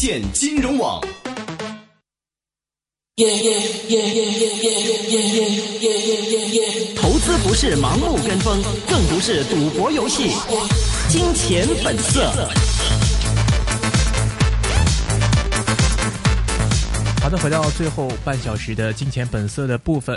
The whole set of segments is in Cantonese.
建金融網，投資不是盲目跟風，更不是賭博遊戲，金錢本色。好的，回到最後半小時的金錢本色的部分。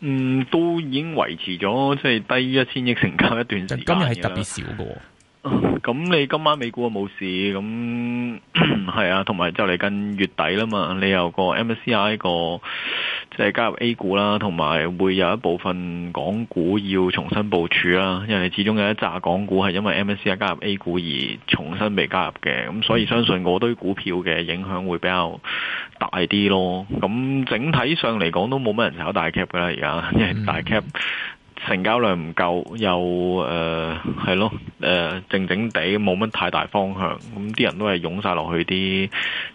嗯，都已經維持咗即係低於一千億成交一段時間，係特別少㗎。咁你今晚美股啊冇事，咁係啊，同埋就嚟近月底啦嘛，你有個 MSCI 個即係加入 A 股啦，同埋會有一部分港股要重新部署啦，因為你始終有一紮港股係因為 MSCI 加入 A 股而重新被加入嘅，咁所以相信我對股票嘅影響會比較大啲咯。咁整體上嚟講都冇乜人炒大 cap 噶啦，而家，因為大 cap。嗯成交量唔夠，又誒係、呃、咯，誒、呃、靜靜地冇乜太大方向，咁、嗯、啲人都係湧晒落去啲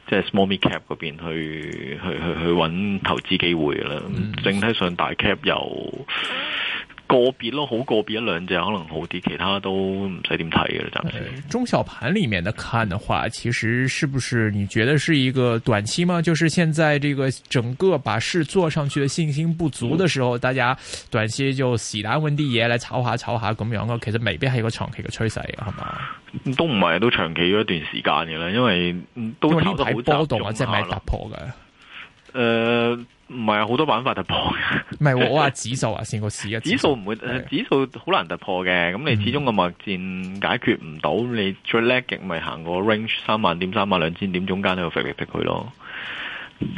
即係 small cap 嗰邊去去去去搵投資機會嘅啦。整體上大 cap 又。Mm hmm. 個別咯，好個別一兩隻可能好啲，其他都唔使點睇嘅。暫時，中、嗯、小盤裏面嘅看嘅話，其實是不是你覺得是一個短期嗎？就是現在這個整個把事做上去嘅信心不足嘅時候，大家短期就喜蘭文啲嘢嚟炒下炒下咁樣咯。其實未必係一個長期嘅趨勢，係嘛？都唔係都長期一段時間嘅啦，因為都跑得好波動或者係未突破嘅。誒、呃。唔係好多板塊突破嘅，唔係我話指數啊，先個市一指數唔會，指數好難突破嘅。咁你始終個貿戰解決唔到，你最叻嘅咪行過 range 三萬點、三萬兩千點中間喺度劈嚟逼佢咯。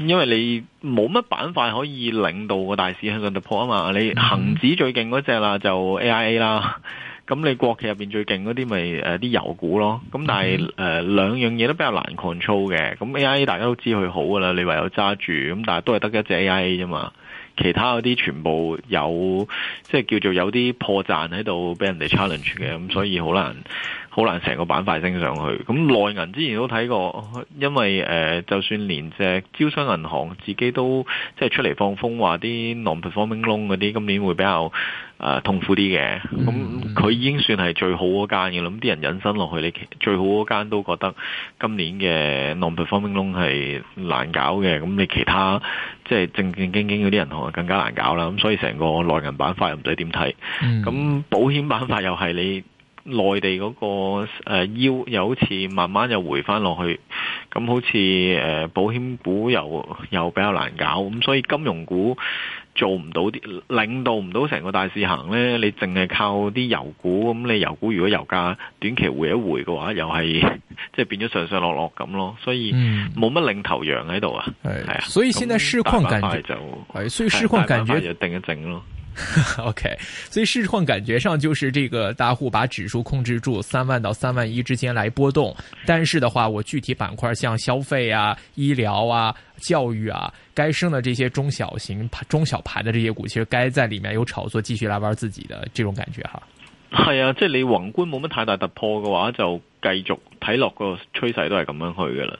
因為你冇乜板塊可以領到個大市向上突破啊嘛，你恆指最勁嗰隻啦就 AIA 啦。咁你國企入邊最勁嗰啲咪誒啲油股咯，咁但係誒、嗯呃、兩樣嘢都比較難 control 嘅，咁 AIA 大家都知佢好㗎啦，你唯有揸住，咁但係都係得一隻 AIA 啫嘛，其他嗰啲全部有即係、就是、叫做有啲破綻喺度俾人哋 challenge 嘅，咁、嗯、所以好難。好難成個板塊升上去，咁內銀之前都睇過，因為誒、呃，就算連隻招商銀行自己都即係出嚟放風話啲 non-performing loan 嗰啲今年會比較誒、呃、痛苦啲嘅，咁佢、mm hmm. 已經算係最好嗰間嘅啦，咁啲人引申落去，你最好嗰間都覺得今年嘅 non-performing loan 係難搞嘅，咁你其他即係正正經經嗰啲銀行更加難搞啦，咁所以成個內銀板塊又唔使點睇，咁、mm hmm. 保險板塊又係你。內地嗰、那個腰、呃、又好似慢慢又回翻落去，咁、嗯、好似誒、呃、保險股又又比較難搞，咁、嗯、所以金融股做唔到啲領導唔到成個大市行咧，你淨係靠啲油股，咁、嗯、你油股如果油價短期回一回嘅話，又係即係變咗上上落落咁咯，所以冇乜領頭羊喺度、嗯、啊，係啊、嗯嗯，所以現在市況間就，所以市況間就定一定咯。 OK，所以市況感覺上就是這個大戶把指數控制住三萬到三萬一之間來波動，但是的話，我具體板塊像消費啊、醫療啊、教育啊，該升的這些中小型中小盤的這些股，其實該在裏面有炒作，繼續來玩自己的這種感覺哈。係啊，即係你宏觀冇乜太大突破嘅話就。繼續睇落個趨勢都係咁樣去嘅啦，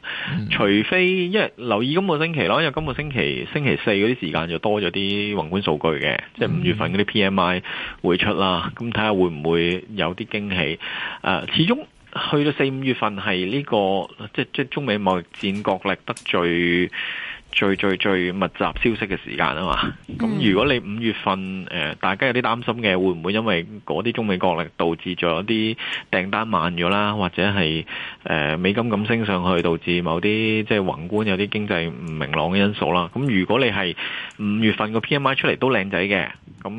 除非因為留意今個星期咯，因為今個星期星期四嗰啲時間就多咗啲宏觀數據嘅，即係五月份嗰啲 PMI 會出啦，咁睇下會唔會有啲驚喜？呃，始終去到四五月份係呢個即係即係中美貿易戰角力得罪。最最最密集消息嘅時間啊嘛，咁如果你五月份誒、呃、大家有啲擔心嘅，會唔會因為嗰啲中美角力導致咗啲訂單慢咗啦，或者係誒、呃、美金咁升上去導致某啲即係宏觀有啲經濟唔明朗嘅因素啦？咁如果你係五月份個 P M I 出嚟都靚仔嘅，咁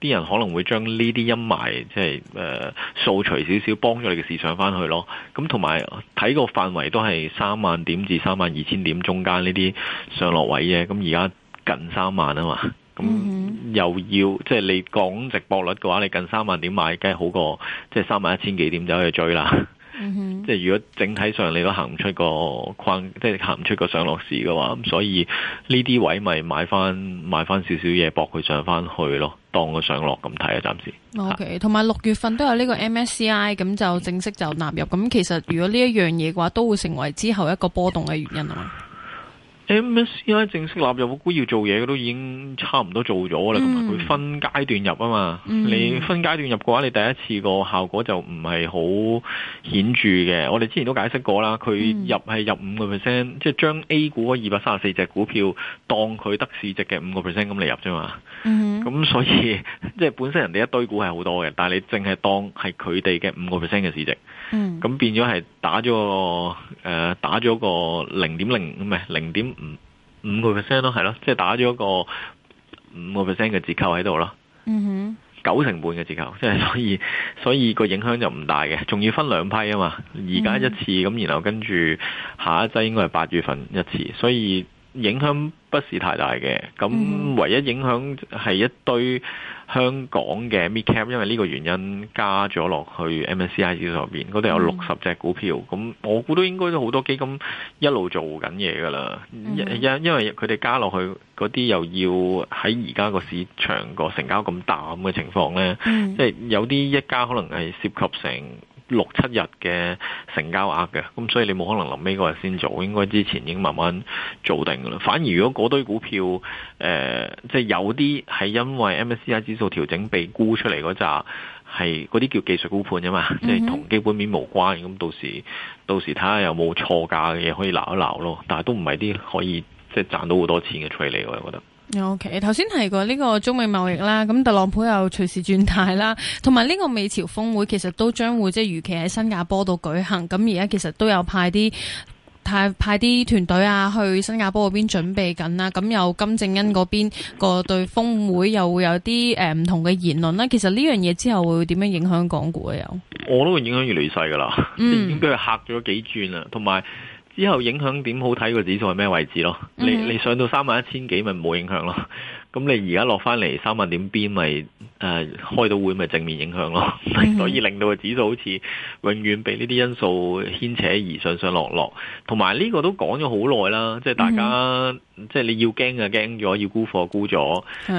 啲人可能會將呢啲陰霾即係誒掃除少少，幫咗你嘅事上翻去咯。咁同埋睇個範圍都係三萬點至三萬二千點中間呢啲。上落位嘅，咁而家近三萬啊嘛，咁、mm hmm. 又要即係你講直播率嘅話，你近三萬點買，梗係好過即係三萬一千幾點就可以追啦。Mm hmm. 即係如果整體上你都行唔出個框，即係行唔出個上落市嘅話，咁所以呢啲位咪買翻買翻少少嘢搏佢上翻去咯，當個上落咁睇啊，暫時。OK，同埋六月份都有呢個 MSCI，咁就正式就納入。咁其實如果呢一樣嘢嘅話，都會成為之後一個波動嘅原因啊嘛。MSCI、欸、正式納入股要做嘢嘅都已經差唔多做咗啦，同埋佢分階段入啊嘛。Mm hmm. 你分階段入嘅話，你第一次個效果就唔係好顯著嘅。我哋之前都解釋過啦，佢入係入五個 percent，即係將 A 股二百三十四隻股票當佢得市值嘅五個 percent 咁嚟入啫嘛。咁、mm hmm. 所以即係本身人哋一堆股係好多嘅，但係你淨係當係佢哋嘅五個 percent 嘅市值。咁、mm hmm. 變咗係打咗、呃、個誒打咗個零點零唔係零點。五五個 percent 咯，係咯，即係打咗個五個 percent 嘅折扣喺度咯。嗯哼、mm，hmm. 九成半嘅折扣，即係所以所以個影響就唔大嘅。仲要分兩批啊嘛，而家一次咁，然後跟住下一劑應該係八月份一次，所以。影響不是太大嘅，咁唯一影響係一堆香港嘅 mid cap 因為呢個原因加咗落去 MSCI 上面。嗰度有六十隻股票，咁我估都應該都好多基金一路做緊嘢㗎啦，因、mm hmm. 因為佢哋加落去嗰啲又要喺而家個市場個成交咁淡嘅情況呢，mm hmm. 即係有啲一家可能係涉及成六七日嘅成交額嘅，咁所以你冇可能臨尾嗰日先做，應該之前已經慢慢做定噶啦。反而如果嗰堆股票，誒、呃，即係有啲係因為 MSCI 指數調整被沽出嚟嗰扎，係嗰啲叫技術沽盤啫嘛，即係同基本面無關。咁到時到時睇下有冇錯價嘅嘢可以撈一撈咯。但係都唔係啲可以即係賺到好多錢嘅出嚟嘅，我覺得。OK，頭先提過呢個中美貿易啦，咁特朗普又隨時轉態啦，同埋呢個美朝峰會其實都將會即係如期喺新加坡度舉行，咁而家其實都有派啲派派啲團隊啊去新加坡嗰邊準備緊啦，咁有金正恩嗰邊個對峰會又會有啲誒唔同嘅言論啦，其實呢樣嘢之後會點樣影響港股啊？又我都會影響越嚟越細噶啦，已經俾佢吓咗幾轉啦，同埋。之後影響點好睇個指數係咩位置咯？Okay. 你你上到三萬一千幾咪冇影響咯。咁你而家落翻嚟三萬點邊咪誒開到會咪正面影響咯。Mm hmm. 所以令到個指數好似永遠被呢啲因素牽扯而上上落落。同埋呢個都講咗好耐啦，即係大家。Mm hmm. 即係你要驚就驚咗，要沽貨沽咗，誒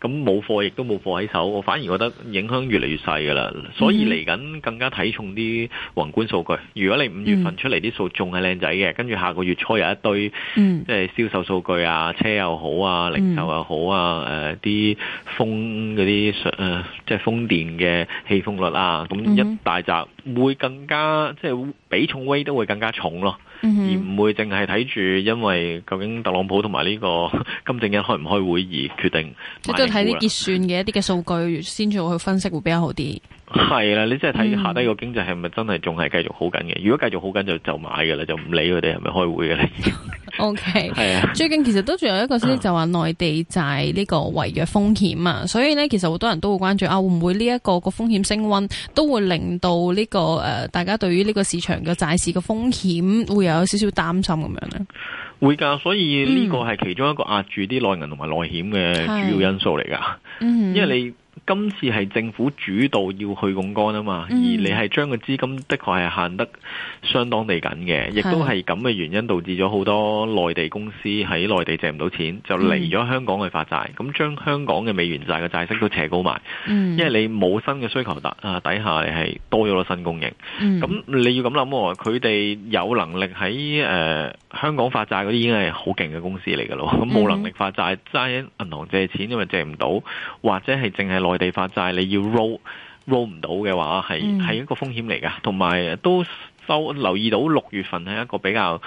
咁冇貨亦都冇貨喺手，我反而覺得影響越嚟越細㗎啦。所以嚟緊更加睇重啲宏觀數據。如果你五月份出嚟啲數仲係靚仔嘅，跟住下個月初有一堆即係銷售數據啊，車又好啊，零售又好啊，誒啲風嗰啲誒即係風電嘅棄風率啊，咁一大集會更加即係比重威都會更加重咯。嗯、而唔會淨係睇住，因為究竟特朗普同埋呢個金正恩開唔開會而決定，即係都睇啲結算嘅一啲嘅數據先至去分析會比較好啲。係啦， 你即係睇下底個經濟係咪真係仲係繼續好緊嘅？如果繼續好緊就就買噶啦，就唔理佢哋係咪開會嘅。 OK， 最近其實都仲有一個消息，就話內地債呢個違約風險啊。所以呢，其實好多人都會關注啊，會唔會呢一個個風險升溫，都會令到呢、呢個誒、呃、大家對於呢個市場嘅債市嘅風險會有少少擔心咁樣呢會噶，所以呢個係其中一個壓住啲內銀同埋內險嘅主要因素嚟噶，嗯嗯、因為你。今次係政府主導要去槓桿啊嘛，而你係將個資金的確係限得相當地緊嘅，亦都係咁嘅原因導致咗好多內地公司喺內地借唔到錢，就嚟咗香港去發債，咁、嗯、將香港嘅美元債嘅債息都扯高埋，因為你冇新嘅需求底下係多咗個新供應，咁、嗯、你要咁諗喎，佢哋有能力喺誒、呃、香港發債嗰啲已經係好勁嘅公司嚟㗎咯，咁冇能力發債，齋銀行借錢因為借唔到，或者係淨係內。地發債你要 roll roll 唔到嘅話，係係一個風險嚟嘅，同埋都收留意到六月份係一個比較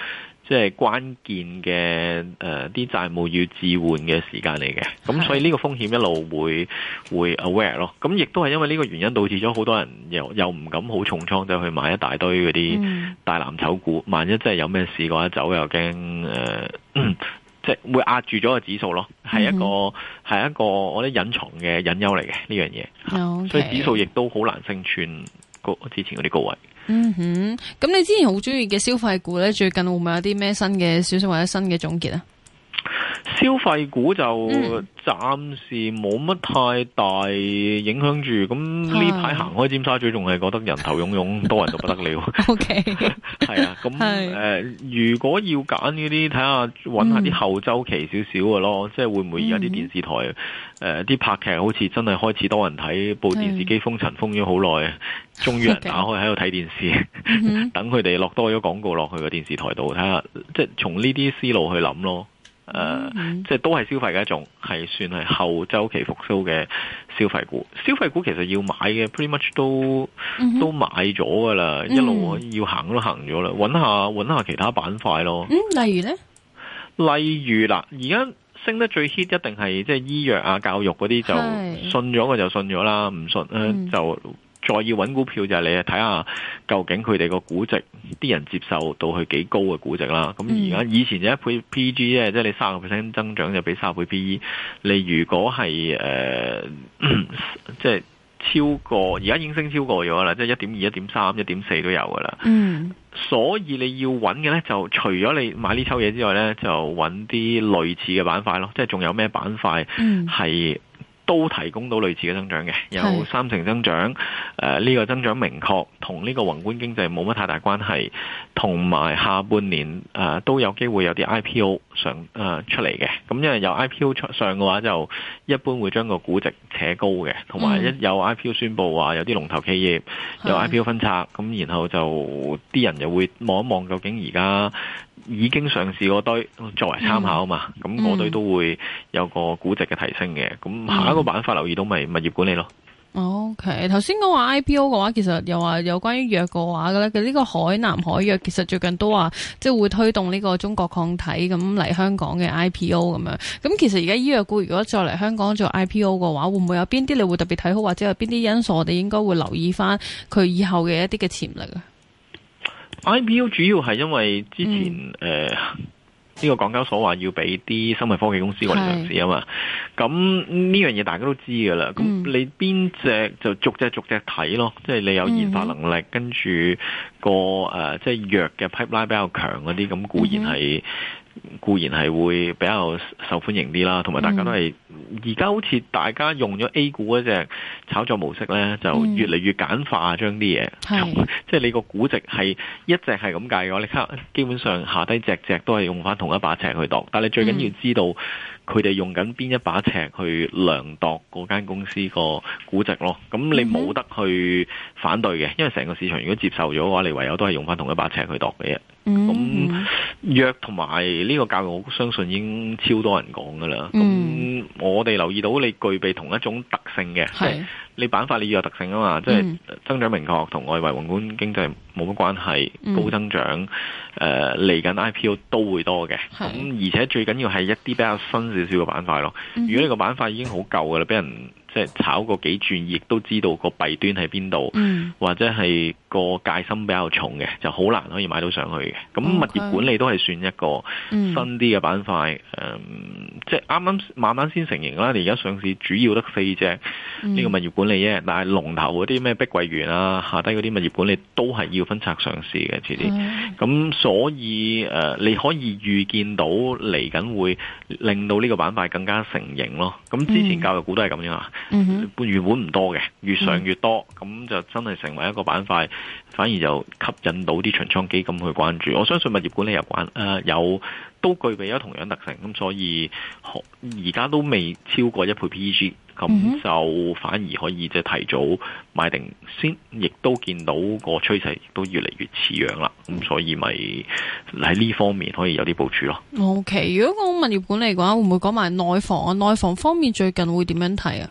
即係、就是、關鍵嘅誒啲債務要置換嘅時間嚟嘅，咁所以呢個風險一路會會 aware 咯，咁亦都係因為呢個原因導致咗好多人又又唔敢好重倉走去買一大堆嗰啲大藍籌股，萬一真係有咩事嘅話走又驚誒。呃即係會壓住咗個指數咯，係一個係、嗯、哼一個我覺得隱藏嘅隱憂嚟嘅呢樣嘢，Okay. 所以指數亦都好難升穿個之前嗰啲高位。嗯哼，咁你之前好中意嘅消費股咧，最近會唔會有啲咩新嘅消息或者新嘅總結啊？消費股就暫時冇乜太大影響住，咁呢排行開尖沙咀仲係覺得人頭湧湧，多人到不得了。OK，係啊，咁誒，如果要揀嗰啲，睇下揾下啲後周期少少嘅咯，mm. 即係會唔會而家啲電視台誒，啲、mm. 呃、拍劇好似真係開始多人睇，部電視機封塵封咗好耐，終於人打開喺度睇電視，等佢哋落多咗廣告落去個電視台度睇下，即係從呢啲思路去諗咯。誒，uh, mm hmm. 即係都係消費嘅一種，係算係後週期復甦嘅消費股。消費股其實要買嘅，pretty much 都、mm hmm. 都買咗噶啦，mm hmm. 一路要行都行咗啦，揾下揾下其他板塊咯。嗯、mm，hmm. 例如咧，例如嗱，而家升得最 hit 一定係即係醫藥啊、教育嗰啲，就信咗嘅就信咗啦，唔信咧就。Mm hmm. 嗯再要揾股票就係、是、你睇下究竟佢哋個估值，啲人接受到去幾高嘅估值啦。咁而家以前就一倍 P G 咧，即係你三十個 percent 增長就俾三十倍 P E。你如果係誒，即、呃、係、就是、超過而家已經升超過咗啦，即係一點二、一點三、一點四都有噶啦。嗯，所以你要揾嘅呢，就除咗你買呢抽嘢之外呢，就揾啲類似嘅板塊咯。即係仲有咩板塊係？都提供到類似嘅增長嘅，有三成增長。誒、呃、呢、這個增長明確，同呢個宏觀經濟冇乜太大關係。同埋下半年誒、呃、都有機會有啲 IPO 上誒、呃、出嚟嘅。咁、嗯、因為有 IPO 出上嘅話，就一般會將個估值扯高嘅。同埋一有，有 IPO 宣佈話有啲龍頭企業有 IPO 分拆，咁然後就啲人就會望一望究竟而家。已經上市嗰堆作為參考啊嘛，咁我哋都會有個估值嘅提升嘅，咁、嗯、下一個板塊留意到咪物業管理咯。OK，頭先講話 IPO 嘅話，其實又話有關於藥嘅話嘅咧，佢、這、呢個海南海藥其實最近都話即係會推動呢個中國抗體咁嚟香港嘅 IPO 咁樣。咁其實而家醫藥股如果再嚟香港做 IPO 嘅話，會唔會有邊啲你會特別睇好，或者有邊啲因素我哋應該會留意翻佢以後嘅一啲嘅潛力啊？IPO 主要係因為之前誒呢、嗯呃這個港交所話要俾啲生物科技公司過嚟上市啊嘛，咁呢是樣嘢大家都知噶啦。咁、嗯、你邊隻就逐隻逐隻睇咯，即係你有研發能力，跟住，嗯、哼個誒、呃、即係藥嘅 pipeline 比較強嗰啲，咁固然係。嗯固然係會比較受歡迎啲啦，同埋大家都係而家好似大家用咗 A 股嗰隻炒作模式呢，就越嚟越簡化，將啲嘢，即係 是你個估值係一隻係咁計嘅話，你睇基本上下低隻只都係用翻同一把尺去度，但係你最緊要知道。嗯佢哋用緊邊一把尺去量度嗰間公司個估值咯，咁你冇得去反對嘅，因為成個市場如果接受咗嘅話，你唯有都係用返同一把尺去度嘅啫。咁約同埋呢個教育，我相信已經超多人講噶啦。我哋留意到你具備同一種特性嘅，你板塊你要有特性啊嘛，即係增長明確同、嗯、外圍宏觀經濟冇乜關係，嗯、高增長誒嚟、呃、緊 IPO 都會多嘅，咁是而且最緊要係一啲比較新少少嘅板塊咯。嗯、如果你個板塊已經好舊嘅啦，俾人。即係炒過幾轉，亦都知道個弊端喺邊度，嗯、或者係個戒心比較重嘅，就好難可以買到上去嘅。咁物業管理都係算一個新啲嘅板塊，即係啱啱慢慢先成型啦。你而家上市主要得四隻呢、嗯、個物業管理啫，但係龍頭嗰啲咩碧桂園啊，下低嗰啲物業管理都係要分拆上市嘅，遲啲。咁、嗯、所以誒、呃，你可以預見到嚟緊會令到呢個板塊更加成型咯。咁之前教育股都係咁樣啊。嗯、原本唔多嘅，越上越多，咁、嗯、哼就真係成為一個板塊，反而就吸引到啲長倉基金去關注。我相信物業管理有關，誒、呃、有都具備咗同樣特性，咁、嗯、所以而家都未超過一倍 PEG，咁就反而可以即係提早買定、嗯、哼先，亦都見到個趨勢都越嚟越似樣啦。咁、嗯、所以咪喺呢方面可以有啲部署咯。O、okay, K，如果講物業管理嘅話，會唔會講埋內房啊？內房方面最近會點樣睇啊？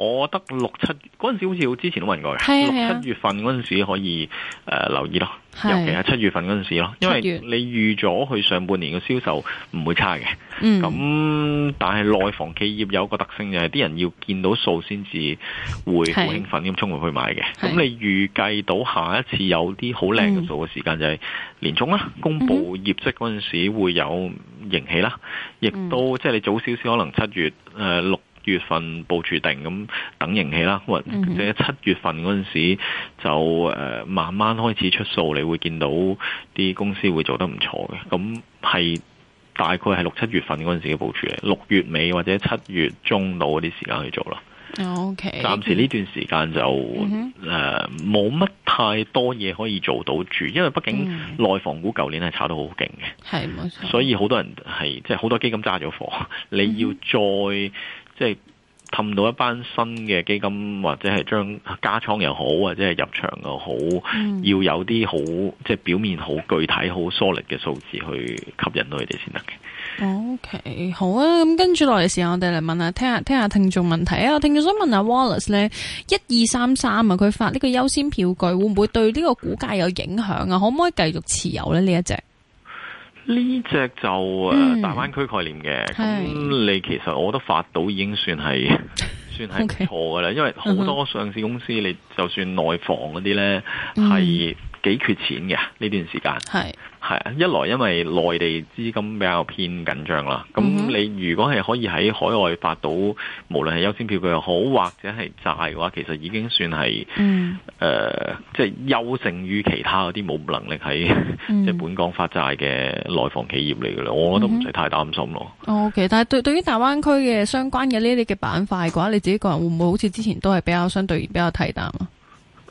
我覺得六七嗰陣時，好似我之前都問過嘅，是的 六七月份嗰陣時可以誒、呃、留意咯，尤其係七月份嗰陣時咯，因為你預咗佢上半年嘅銷售唔會差嘅，咁、嗯、但係內房企業有一個特性就係、是、啲人要見到數先至會好興奮咁衝入去買嘅，咁是的 你預計到下一次有啲好靚嘅數嘅時間、嗯、就係年中啦，公布業績嗰陣時會有盈喜啦，亦、嗯、都即係你早少少可能七月誒六、呃月份部署定咁等型氣啦，mm hmm. 或者七月份嗰陣時就誒、呃、慢慢開始出數，你會見到啲公司會做得唔錯嘅。咁係大概係六七月份嗰陣時嘅部署嚟，六月尾或者七月中到嗰啲時間去做啦。O Okay . K，暫時呢段時間就誒冇乜太多嘢可以做到住，因為畢竟內房股舊年係炒得好勁嘅，係、mm hmm. 所以好多人係即係好多基金揸咗貨，mm hmm. 你要再。即係氹到一班新嘅基金，或者係將加倉又好，或者係入場又好，嗯、要有啲好即係表面好具體好 solid 嘅數字去吸引到佢哋先得嘅。OK，好啊，咁跟住落嚟嘅時候我，我哋嚟問下聽下聽下聽眾問題啊。聽眾想問下 Wallace 咧，一二三三啊，佢發呢個優先票據會唔會對呢個股價有影響啊？可唔可以繼續持有咧？呢一隻？呢隻就啊，大灣區概念嘅，咁、嗯、你其實我覺得發到已經算係 算係唔錯嘅啦， Okay. 因為好多上市公司 你就算內房嗰啲呢，係、嗯。幾缺錢嘅呢段時間係係是一來，因為內地資金比較偏緊張啦，咁、嗯、哼你如果係可以喺海外發到，無論係優先票據又好或者係債嘅話，其實已經算係誒、嗯呃，即係優勝於其他嗰啲冇能力喺、嗯、 即係本港發債嘅內房企業嚟嘅啦。我覺得唔使太擔心咯。嗯、o、okay, K，但係對對於大灣區嘅相關嘅呢啲嘅板塊嘅話，你自己個人會唔會好似之前都係比較相對比較睇淡啊？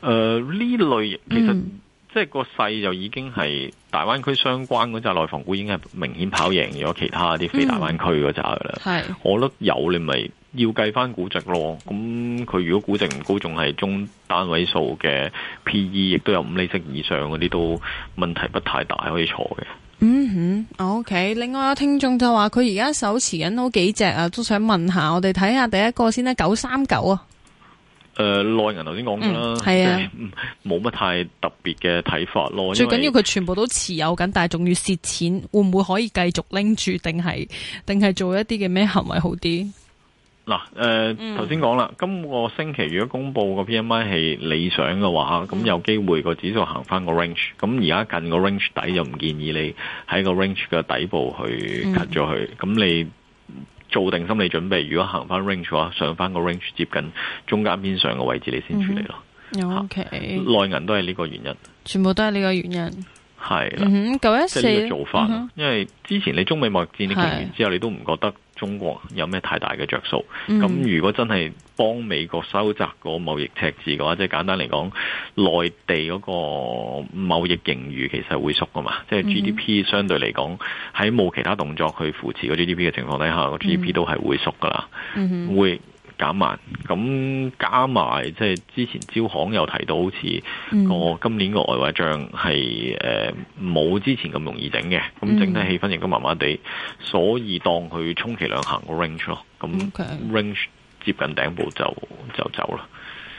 誒、嗯、呢、呃、類其實、嗯。嗯即係個勢又已經係大灣區相關嗰隻內房股，已經係明顯跑贏咗其他啲非大灣區嗰扎噶啦。係、嗯，我覺得有你咪要計翻估值咯。咁、嗯、佢如果估值唔高，仲係中單位數嘅 PE，亦都有五厘息以上嗰啲都問題不太大，可以坐嘅、嗯。嗯哼，OK。另外有聽眾就話佢而家手持緊好幾隻啊，都想問下我哋睇下第一個先啦，九三九啊。誒，內銀頭先講啦，係、嗯、啊，冇乜 太特別嘅睇法咯。最緊要佢全部都持有緊，但係仲要蝕錢，會唔會可以繼續拎住，定係定係做一啲嘅咩行為好啲？嗱、啊，誒、呃，頭先講啦，今個星期如果公布個 P M I 係理想嘅話，咁有機會個指數行翻個 range，咁而家近個 range 底、嗯、就唔建議你喺個 range 嘅底部去 cut 咗佢。咁、嗯、你。做定心理準備，如果行翻 range 嘅話，上翻個 range 接近中間邊上嘅位置，你先處理咯。Mm hmm. Okay，內銀都係呢個原因，全部都係呢個原因，係啦的。九一四，呢、hmm. 個做法。Mm hmm. 因為之前你中美貿易戰呢件事完之後，你都唔覺得。中國有咩太大嘅着數？咁如果真係幫美國收窄個貿易赤字嘅話，即係簡單嚟講，內地嗰個貿易盈餘其實會縮噶嘛？即係 GDP 相對嚟講，喺冇其他動作去扶持個 GDP 嘅情況底下，個 GDP 都係會縮噶啦，嗯、會。減慢，咁加埋即係之前招行有提到，好似個今年個外圍帳係誒冇之前咁容易整嘅，咁、嗯、整體氣氛亦都麻麻地，所以當佢充其量行個 range 咯，咁 range 接近頂部就就走啦。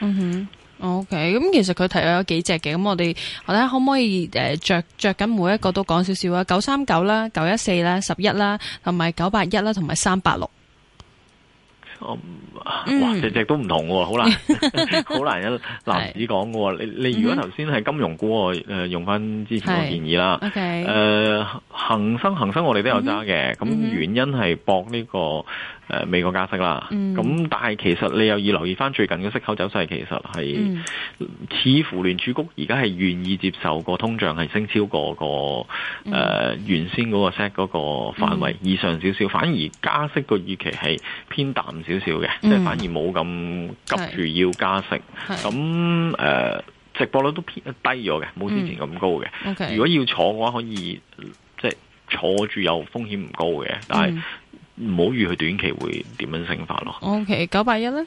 Okay. Okay. 嗯哼，OK，咁其實佢提咗有幾隻嘅，咁我哋睇下可唔可以誒著著緊每一個都講少少啊，九三九啦、九一四啦、十一啦，同埋九八一啦，同埋三八六。嗯、哇，隻隻都唔同嘅，好難，好 難。有男子講嘅，是你你如果頭先係金融股，誒用翻之前個建議啦。誒、okay, 呃，恒生恒生，我哋都有揸嘅，咁、嗯、原因係搏呢個誒、呃、美國加息啦。咁、嗯、但係其實你又要留意翻最近嘅息口走勢，其實係、嗯、似乎聯儲局而家係願意接受個通脹係升超過、那個誒、嗯呃、原先嗰個 set 嗰個範圍、嗯嗯、以上少少，反而加息個預期係偏淡少少。少少嘅，嗯、即係反而冇咁急住要加息，咁誒是、呃，直播率都偏低咗嘅，冇之前咁高嘅。嗯、okay, 如果要坐嘅話，可以即係坐住，有風險唔高嘅，但係唔好預佢短期會點樣升法咯。O K，九八一咧，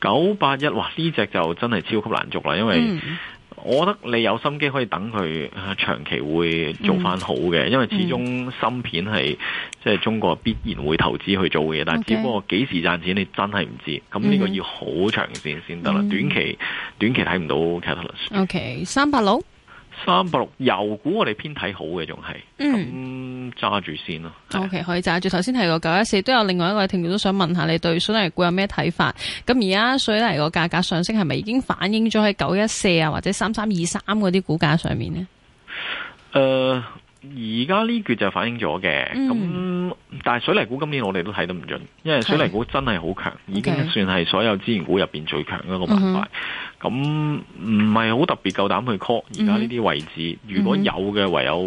九八一，哇！呢隻就真係超級難捉啦，因為、嗯。我覺得你有心機，可以等佢長期會做翻好嘅。嗯、因為始終芯片係、嗯、即係中國必然會投資去做嘅，嗯、但係只不過幾時賺錢你真係唔知，咁呢個要好長線先得啦，短期短期睇唔到。Catalyst，OK，三百六。Okay, 三百六，360, 油股我哋偏睇好嘅，仲係，咁揸住先咯。OK，可以揸住。頭先提過九一四，都有另外一位聽眾都想問下你對水泥股有咩睇法？咁而家水泥個價格上升係咪已經反映咗喺九一四啊，或者三三二三嗰啲股價上面呢？誒、呃，而家呢句就反映咗嘅，咁、嗯、但係水泥股今年我哋都睇得唔準，因為水泥股真係好強，okay, 已經算係所有資源股入邊最強一個板塊。嗯咁唔係好特別夠膽去 call 而家呢啲位置，如果有嘅唯有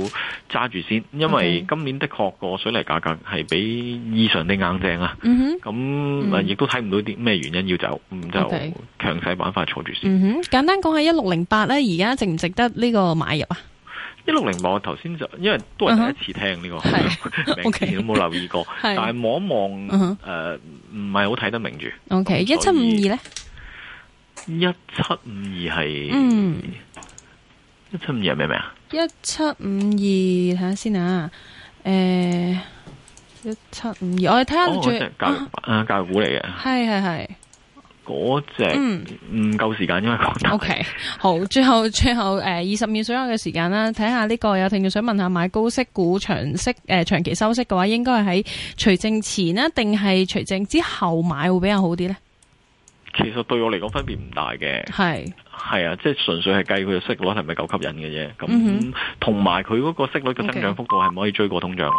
揸住先，因為今年的確個水泥價格係比以前啲硬淨啊。咁亦、嗯嗯嗯嗯嗯、都睇唔到啲咩原因要走，就強勢板塊坐住先嗯嗯嗯。簡單講喺一六零八咧，而家值唔值得呢個買入啊？一六零八我頭先就因為都係第一次聽呢、這個，嗯、哼名詞都冇留意過，okay, 但係望一望誒，唔係好睇得明住。OK，一七五二咧。一七五二係，一七五二係咩咩啊？一七五二，睇下先啊，誒、呃，52, 一七五二，我哋睇下最，那個、啊，教育股嚟嘅，係係係，嗰隻唔夠時間，因為，O、okay, K，好，最後最後誒，二十秒最後嘅時間啦，睇下呢個有聽眾想問下，買高息股、長息誒、呃、長期收息嘅話，應該係喺除淨前啦，定係除淨之後買會比較好啲咧？其實對我嚟講分別唔大嘅，係係是啊，即係純粹係計佢嘅息率係咪夠吸引嘅啫，咁同埋佢嗰個息率嘅增長幅度係唔 Okay. 可以追過通脹。